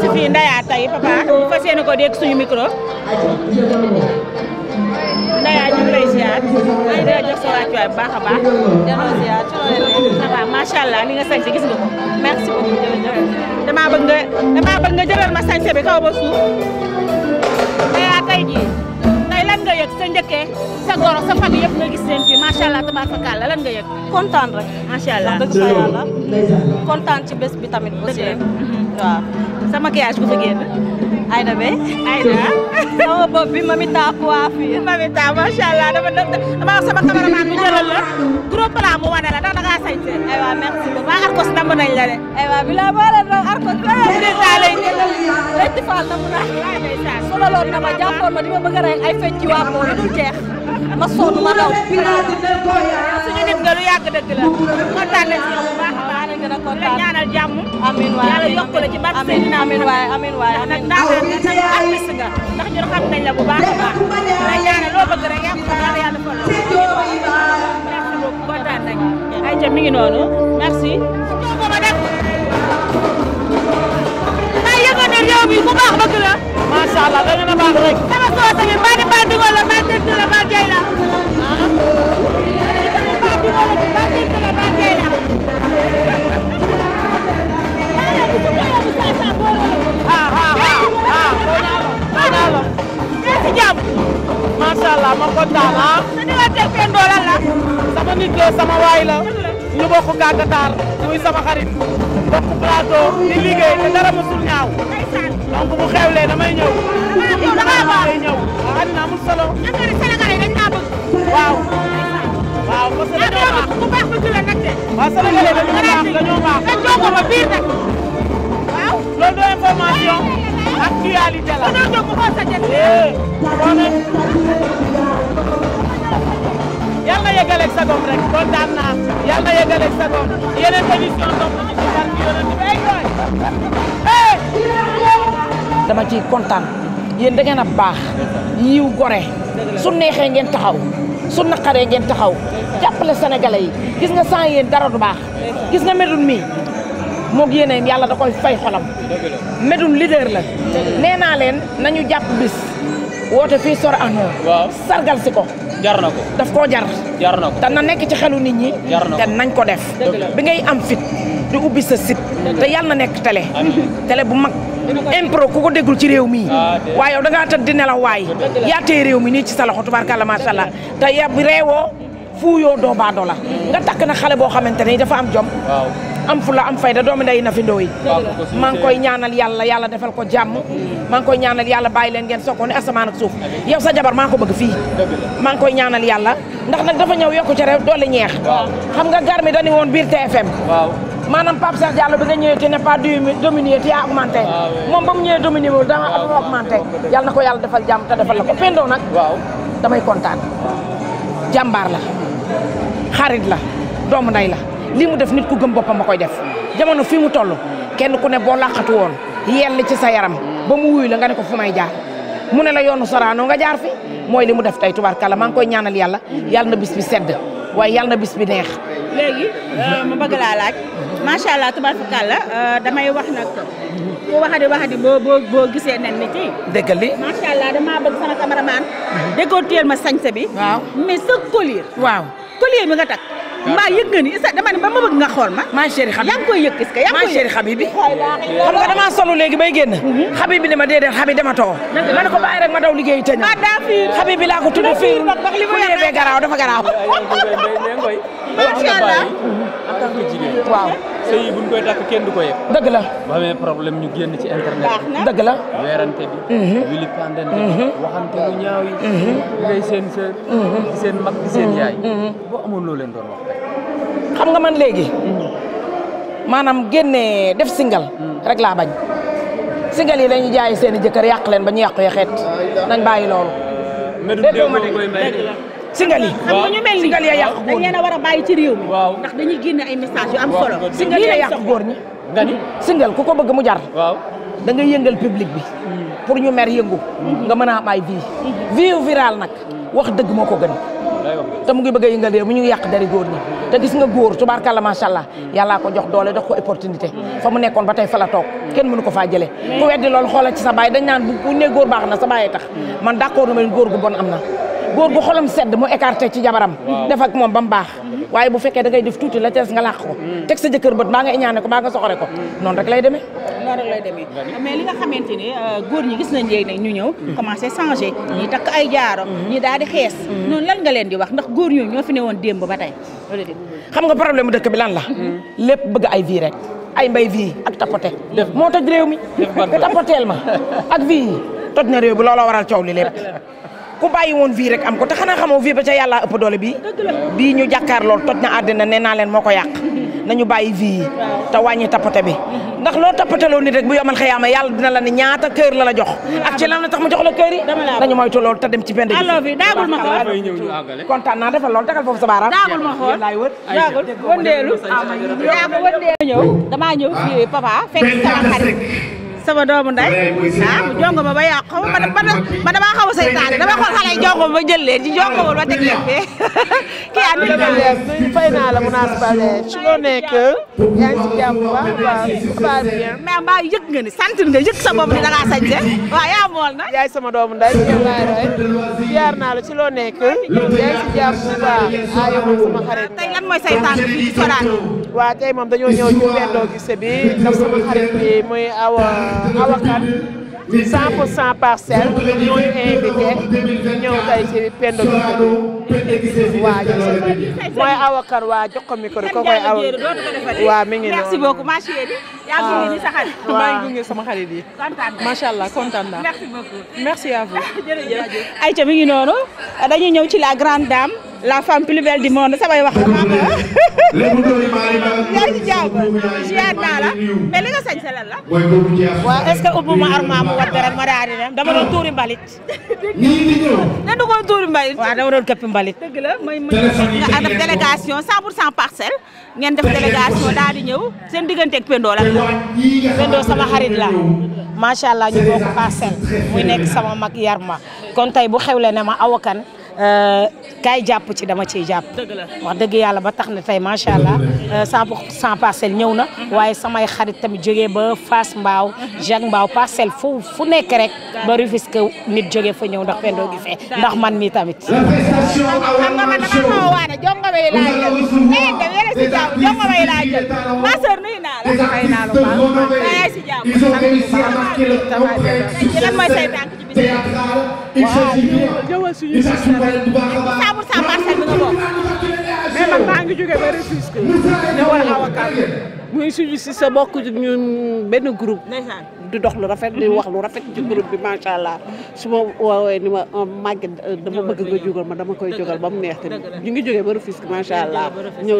si fii Ndaya tey papa fas yéene ko dégg suñu micro Ndaya ñu ngi lay ziar ñu ngi lay jox sa wàccuwaay bu baax a li nga sañse gis nga ko merci beaucoup ma sañse bi kaw ba njëkkee sa goro sa famille yëpp nga gis leen fii macha allah tabaarkalla lan nga yëg. kontaan rek. macha allah wax kontaan ci bés bi tamit. aussi waaw sa maquillage bu Aïda Mbaye. Aïda. sama bopp bi Mamita coiffure. Mamita macha allah dama dama wax sama cameraman bi jëlal la. gros plan mu wane la ndax da ngaa sañse. aywa merci beaucoup waa Arcos namm nañ la de. aywa bi la boo leen doon Arcos. président lay jëlal rek ci Fall namm naa. solo loolu dama jàppoon ma di ma bëgg a rey ay fecc waa moom lu dul jeex. ma sonn ma daw. suñu nit nga lu yàgg dëgg la kontaan nañ si yow bu baax a baax. gën a kontaan ñaanal jàmm amiin waay yàlla yokk la ci barke Seydina amiin waay amiin waay sama waay la ñu bokk gàggataar muy sama xarit bokk plateau di liggéey te dara musul ñaaw donc bu xewlee damay ñëw damay ñëw waaw am na amul solo waaw waaw parce que la nag de. waaw sénégalais dañoo baax dañoo baax. nga biir nag. waaw loolu de information actualité la. dañoo jóg ko eh, na yegaleeg sa doom rek kontaan naa yàlla na yegaleeg sa doom yeneen émission doom nañu ci barke yonent bi ay doy. dama ciy kontaan yéen da ngeen baax yiw gore su neexee ngeen taxaw. su naqaree ngeen taxaw jàppale sénégalais yi gis nga sans yéen dara du baax gis nga medun mi moo yéen yàlla da koy fay xolam medun leader la nee naa leen nañu jàpp bis woote fii sor anoo sargal si ko jar na koo jar jar na ko te na nekk ci xelu nit ñi te nañ ko def bi ngay am fit di ubbi sa site ta yàlla na nekk télé télé bu mag impro ku ko déggul ci réew mi ah, waaye yow da ngaa tëdd di nelaw waay yaa tee réew mi nii ci sa loxo tubaarkàlla macha allah te yab reewoo fuuyoo doo baadoo la mm. nga takk na xale boo xamante ne dafa am jom am fula am fayda doomu ndey na fi ndooy maa ngi koy ñaanal yàlla yàlla defal ko jàmm mm. maa ngi koy ñaanal yàlla bàyyi leen geen sokkoon ne asamaan ak suuf yow sa jabar maa ko bëgg fii maa ngi koy ñaanal yàlla ndax nag dafa ñëw yokku ca rew doole ñeex maanaam Pape Cheikh Diallo bi nga ñëwee tu n'es pas dominé tu as augmenté ah moom ba mu ñëwee dominé wul dama ah, augmenté yàlla na ko yàlla defal jàmm te defal la ko Pendo nag damay kontaan jàmbaar la xarit la doomu ndey la lii mu def nit ku gëm boppam ma koy def jamono fii mu toll kenn ku ne boo làqatu woon yell ci sa yaram ba mu wuyu la nga ne ko fu may jaar mu ne la yoonu soraanoo nga jaar fi mooy li mu def tey tubaarkàlla maa ngi koy ñaanal yàlla yàlla na bis bi sedd yàlla bis bi neex léegi euh, ma bëgg laa laaj macha allah tubarkalla euh, damay wax nag ku waxadi waxadi boo boo boo gisee nen ni de dëgg li macha allah damaa bëgg sama cameraman. déggoo ma sañse bi. waaw mais sa collier. waaw collier bi nga takk. mbaa yëg nga ni isa dama ne ba ma bëgg nga xool ma ma chérie xabi yaa ngi koy yëg gis ka yaa ngi koy yëg xabibi xam nga damaa solo léegi bay génn xabibi mhm. ne ma déedéet xabi dama too ma ne ko bàyyi rek ma daw liggéeyi te ñëw xabibi laa ko tudd fii ku yebee garaaw dafa garaaw macha waaw sëy buñ koy takk kenn du ko yëg dëgg la problème ñu génn ci internet dëgg la weerante mhm. mhm. mhm. seen sër di seen mag di seen yaay xam nga man léegi maanaam génne def singal rek laa bañ singal yi lañu jaay seen i jëkkër yàq leen ba ñu yàqu ya xeet nañ bàyyi loolu singal yi xam nga ñu mel ya yàq góor ñi a war a bàyyi ci réew mi ndax dañuy génne ay singal góor ñi nga ni singal ku ko bëgg mu jar waaw yëngal public bi hmm. pour ñu meer yëngu hmm. nga mën a am ay vie hmm. vie virale nag wax dëgg moo ko gën te mu ngi bëgg a yëngal réew ñu ngi yàq dari góor ñi te gis nga góor tubaarkàlla macha allah yàllaa ko jox doole dox ko opportunité fa mu nekkoon ba tey fa la toog kenn mënu ko faa jële ku weddi loolu xoolal ci sa baay dañ naan bu ne góor baax na sa baayee tax man d'accord na ma góor gu bon am na góor gu xolam sedd mu écarté ci jabaram def ak moom ba mu baax waaye bu fekkee dangay def tuuti la tees nga làq ko mm. teg sa jëkkër bët maa nga iñaane ko maa nga soxore ko mm. noonu rek lay demee noonu rek demee mais nga xamante ni euh, góor ñi gis nañ léegi nag ñu ñëw mm. commencé changé ñi takk ay jaaro ñi daal di xees noonu lan nga leen di wax ndax góor ñooñu ñoo fi ne woon démb ba tey xam nga problème mu dëkk bi lan la lépp bëgg ay vie rek ay mbay vie ak tapoté moo toj réew mi tapoteel ma ak vie yi toj na réew bi looloo waral coow li lépp ku bàyyi woon vie rek am ko te xanaa xamoo vie ba ca yàlla ëpp doole bii bii ñu jàkkaar lool toj na àddina nee leen moo ko yàq nañu bàyyi vie yi wàññi tappate bi ndax loo tappateloo nit rek bu yomal xëyaama yàlla dina la ne ñaata kër la la jox ak ci lan la tax mu jox la kër yi nañu moytu loolu te dem ci pend bi daagul ma xool naa defal loolu tagal foofu sa daagul ma xool daagul wëndeelu daagul wëndeelu ñëw damaa ñëw fii papa fekk sama xarit sama doomu nday ah mu jongo ma ba yàq xaw ma man damaa xaw a saytaane dama xool xale yi jongo ma ba jël leen ci jongo ma ba teg leen fay naa la Mounass Baldé ci loo nekk yaa na. yaay sama doomu nday yow loo nekk yaa ngi ci mooy say tànk cent pour cent parcelle ñooñu invité mooy Awa waa jox ko micro ko koy aw mi ngi noonu merci ma chérie gunge sa xarit maa ngi sama xarit yi allah kontaan naa merci beaucoup vous jërëjëf Aïcha mi noonu dañuy ñëw ci la grande dame la femme plus belle du monde samay wax la yaa ngi ci jàmm ziar naa la mais ma armoire mu ma daal di dem dama doon ah. tuuri mbalit da du koon tuuri mbalit waaw dama doon këppi mbalit dëgg la may nga def ngeen def délégation daal di sama xarit la macha allah ñu bokk parcelle muy nekk sama mag yar ma kon tey bu xewle ma awakan kaay jàpp ci dama ciy jàpp wax dëgg yàlla ba tax na tey macha allah cent pour cent parcelle ñëw na waaye samay xarit tamit jógee ba Fass Mbaaw Jacques Mbaaw parcelle fu fu nekk rek ba Rufisque nit jógee fa ñëw ndax Pendo Guissé ndax man mi tamit xam nga man dama xaw a waane jongoma yi laa jël nee nga yéen si jàmm jongoma yi laa jël ma sœur nuyu naa la fay naa la baax yaa si jàmm lan mooy say tànk théâtrale il s'agit bien il s'agit bien bu baax a baax. Moussa Moussa parcelle bi nga bokk mais man muy suñu si sa bokk ñun benn groupe. di dox lu rafet di wax lu rafet ci groupe bi macha allah su ma woowee ni ma oh, màgget euh, dama bëgg nga jógal ma dama koy jógal ba mu neex tamit ñu ngi jógee ba Rufisque macha allah ñëw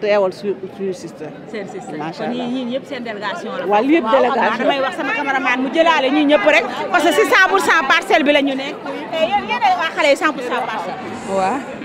teewal suñu suñu wal macha allah ñii ñëpp seen délégation la waaw lii yëpp délégation damay wax sama cameraman mu jëlaale ñii ñëpp rek parce que si 100 pour 100 bi la ñu nekk yéen yéen a wax xale yi 100 pour 100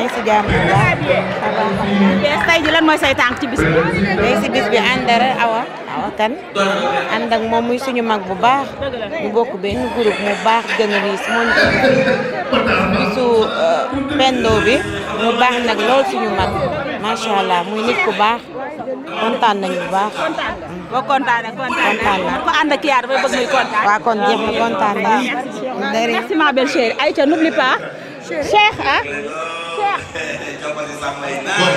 ngi si jàmm bu baax alhamdulilah. mooy say ci bis bi. tey si bis bi ànd rek awa awa kan moom muy suñu mag bu baax. ñu bokk benn groupe mu baax gën a riis moo euh, pendo bi mu baax nag lool suñu mag macha muy nit ku baax. kontaan nañu bu baax. boo kontaanee kontaan naa ko ànd ak yaa dafay bëgg muy kontaan. waaw kon jeex na kontaan naa. merci ma belle chérie Aïcha n'oublie pas. Cheikh ah. jàppale samay naar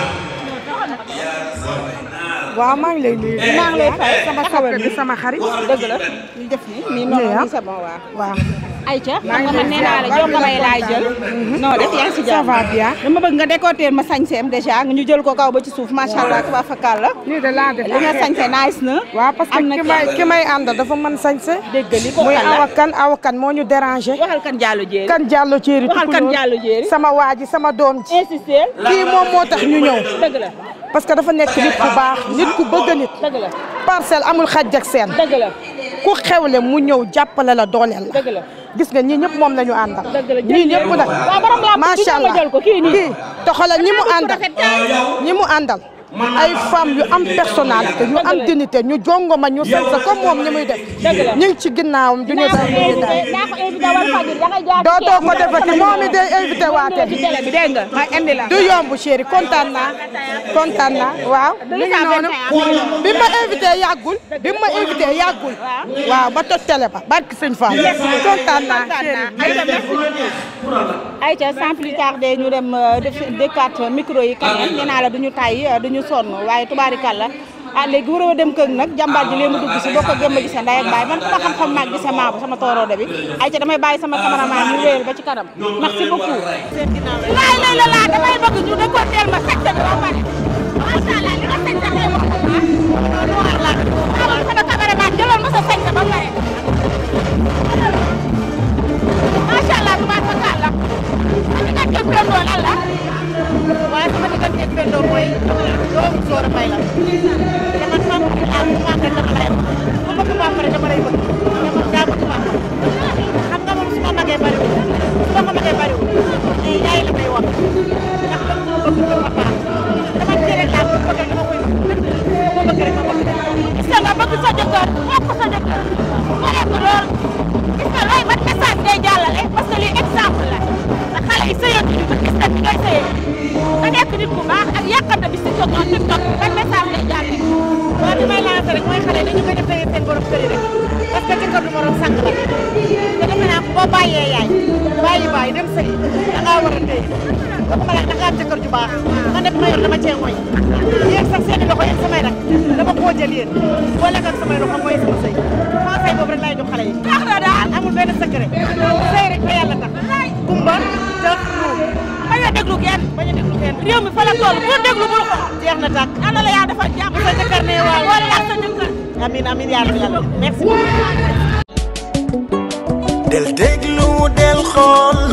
yaa samay naar waaw maa ngi lay nuyu eh, maa ngi lay fay eh, eh, sama xarit bi sama xarit dëgg la ñu def ni nii noonu ay xam nga man nee naa la jokk bay laay jël mhm. non def yaa ngi si bëgg nga décorter ma sañseem déjà ñu jël ko kaw ba ci suuf macha allah tubaafakal la nii de laa def li nga sañse na waaw parce que ki may ki dafa man sañse dégg muy awa kan awa kan moo ñu dérangé waxal kan jàllu jéeri kan jàllu jéeri waxal kan jàllu sama waa ji sama doom ji insister kii moom moo tax ñu ñëw dëgg la parce que dafa nekk nit ku baax nit ku bëgg nit parcelle amul xaj ak seen dëgg la ku mu ñëw jàppale la dooleel gis nga ñii ñëpp moom la ñu àndal ñii ñëpp nag macha allah kii te xoolal ñi mu àndal ñi mu àndal ay femmes yu am personnalité yu am dignité ñu jongoma ñu sensa comme moom ñi muy def ñu ngi ci ginnaawam duñu daal duñu daal dootoo ko defati moom it day invité waa kër du yomb chéri kontaan naa waaw bi ma invité yàggul waaw ba toj télé ba barki sëñ Fall kontaan naa chéri ayca sans ñu dem euh, dëkkaat micro yi kanam nee naa la duñu tay euh, duñu sonn waaye tubaarikàlla ah léegi wërëw a dem kër nag jàmbaar ji lee mu dugg si boo ko gëm a gis ndey ak baay man ku ma xam-xam maag gisa maabu sama tooroode bi ay ca damay bàyyi sama cameraman ñu wéyal ma secte bi ba pare macha allah li nga secte bi sa secte pare dama lay bëgg dama daa bëgg ma xam nga moom su ma magee bariwul su ma magee bariwul mais yaay la may wax ndax dama ko bëgg ko ma paa dama tere laa ko bëgg dama koy bëgg ma bëgg rek ma bëgg sa nga bëgg sa jëkkër foog ko sa jëkkër mu ko lool ma jël yéen boo lekk ak samay loxo mooy sama sëy boobu rek laay jox xale yi tax amul benn secret sëy rek fa yàlla tax kumba tëx ruum bañ a déglu kenn bañ a déglu kenn réew mi fa la toll bul déglu bul ko na tàkk ana la yaa defal jàmm sa jëkkër ne waaw wala yaa sa jëkkër amin amin yaa rabbi yàlla merci del déglu del xool